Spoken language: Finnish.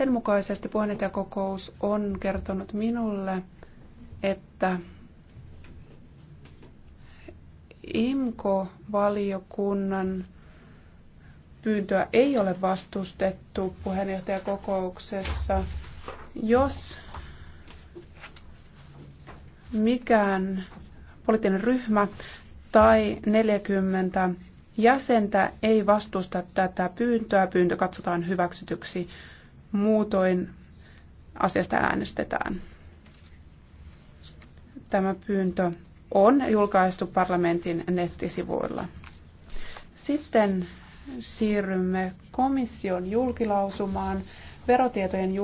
Sen mukaisesti puheenjohtajakokous on kertonut minulle, että IMKO-valiokunnan pyyntöä ei ole vastustettu puheenjohtajakokouksessa, jos mikään poliittinen ryhmä tai 40 jäsentä ei vastusta tätä pyyntöä. Pyyntö katsotaan hyväksytyksi Muutoin asiasta äänestetään. Tämä pyyntö on julkaistu parlamentin nettisivuilla. Sitten siirrymme komission julkilausumaan verotietojen julkilausumaan.